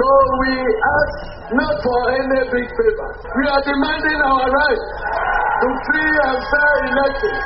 So we ask not for any big favor. We are demanding our right to free and fair elections.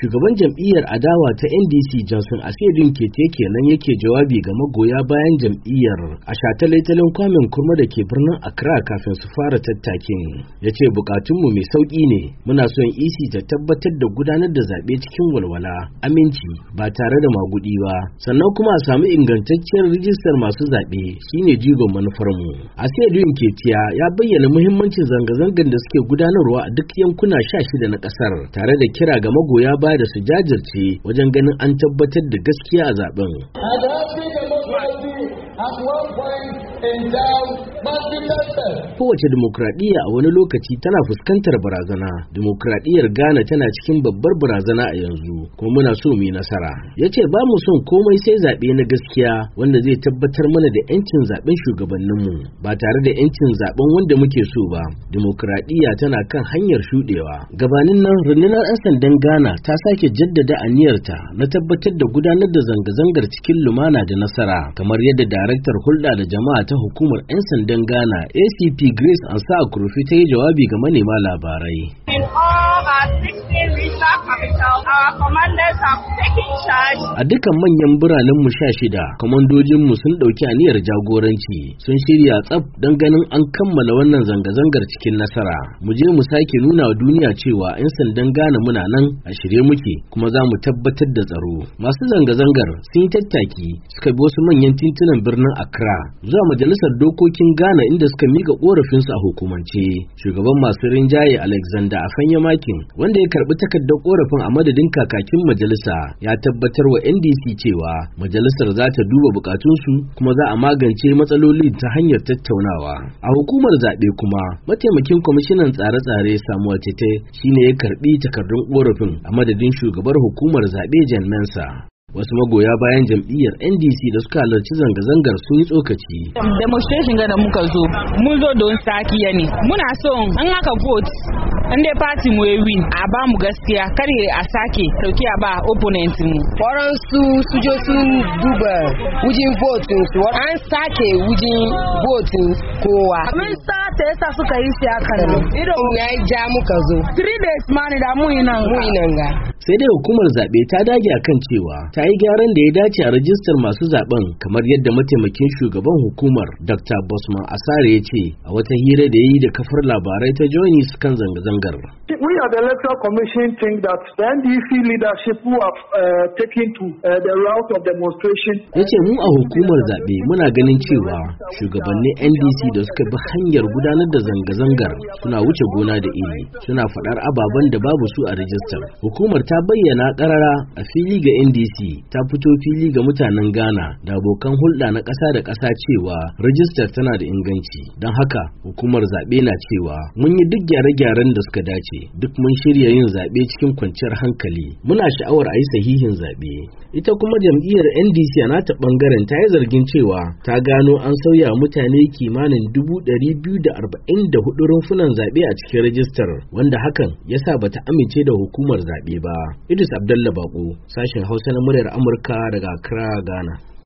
shugaban jam'iyyar adawa ta ndc johnson ke kete kenan yake jawabi ga magoya bayan jam'iyyar a shataletalen kwamin kurma da ke birnin accra kafin su fara tattakin ya ce bukatunmu mai sauki ne muna son ec ta tabbatar da gudanar da zaɓe cikin walwala aminci ba tare da magudi ba sannan kuma a samu ingantacciyar rijistar masu zaɓe shine jigon manufarmu ke ketiya ya bayyana muhimmancin zanga-zangar da suke gudanarwa a duk yankuna sha shida na ƙasar tare da kira ga magoya ba da su jajirce wajen ganin an tabbatar da gaskiya a zaben. Kowace demokradiyya a wani lokaci tana fuskantar barazana. Demokradiyyar Ghana tana cikin babbar barazana a yanzu, kuma muna so mu yi nasara. Ya ce ba mu son komai sai zaɓe na gaskiya wanda zai tabbatar mana da 'yancin zaɓen shugabanninmu ba tare da 'yancin zaɓen wanda muke so ba. Demokradiyya tana kan hanyar shuɗewa. Gabanin nan rundunar 'yan sandan Ghana ta sake jaddada aniyarta na tabbatar da gudanar da zanga-zangar cikin lumana da nasara. kamar yadda daraktar hulɗa da jama'a ta hukumar 'yan sandan Ghana ACP Grace Ansa Kurfi ta yi jawabi ga manema labarai. A dukkan manyan biranen mu sha shida, kwamandojin mu sun ɗauki aniyar jagoranci sun shirya tsaf don ganin an kammala wannan zanga-zangar cikin nasara. Mu je mu sake nuna wa duniya cewa 'yan sandan Ghana muna nan a shirye muke kuma za mu tabbatar da tsaro. Masu zanga-zangar sun yi tattaki suka bi wasu manyan titunan birnin Accra zuwa majalisar dokokin Ghana inda suka mika su a hukumance. Shugaban masu rinjaye Alexander Afanya Makin wanda ya karbi takardar korafin a madadin kakakin majalisa ya tabbatar tabbatar wa NDC cewa majalisar za ta duba bukatunsu kuma za a magance matsalolin ta hanyar tattaunawa. A hukumar zaɓe kuma mataimakin kwamishinan tsare-tsare Samuel Tete shine ya karbi takardun korafin a madadin shugabar hukumar zaɓe Jan Mensa. wasu magoya bayan jam'iyyar ndc da suka halarci zanga-zangar sun yi tsokaci demonstration ga da muka zo mun zo don sakiya ne muna so an aka vote Ndị pati mu ewi a ba mu gaskiya kar a sake dauki a ba opponent mu. Waransu su je duba wujin an sake wujin vootu kowa. Abin sa ta yasa suka yi siya kan nan. Ido mu ya ja muka zo. 3 days ma ne da mu Mu yi nan ga. sai dai hukumar zaɓe ta dage a kan cewa ta yi gyaran da ya dace a rajistar masu zaben kamar yadda mataimakin shugaban hukumar dr bosman asare ya ce a wata hira da ya yi da kafar labarai ta su kan zanga-zangar We at the Electoral Commission think that NDC leadership who have uh, taken to uh, the route of demonstration. Ya ce mu a hukumar zaɓe muna ganin cewa shugabannin NDC da suka bi hanyar gudanar da zanga-zangar suna wuce gona da iri suna faɗar ababen da babu su a rajistar. Hukumar ta bayyana karara a fili ga ndc ta fito fili ga mutanen ghana da abokan hulɗa na ƙasa da ƙasa cewa rajistar tana da inganci don haka hukumar zaɓe na cewa mun yi duk gyare-gyaren da suka dace duk mun shirya yin zaɓe cikin kwanciyar hankali muna sha'awar a yi sahihin zaɓe ita kuma jam'iyyar ndc a nata ɓangaren ta yi zargin cewa ta gano an sauya mutane kimanin dubu ɗari biyu da arba'in da hudu rumfunan zaɓe a cikin rajistar wanda hakan ya sa bata amince da hukumar zaɓe ba Idris Abdullahi Bako, sashen Hausa na muryar Amurka daga Accra, Ghana.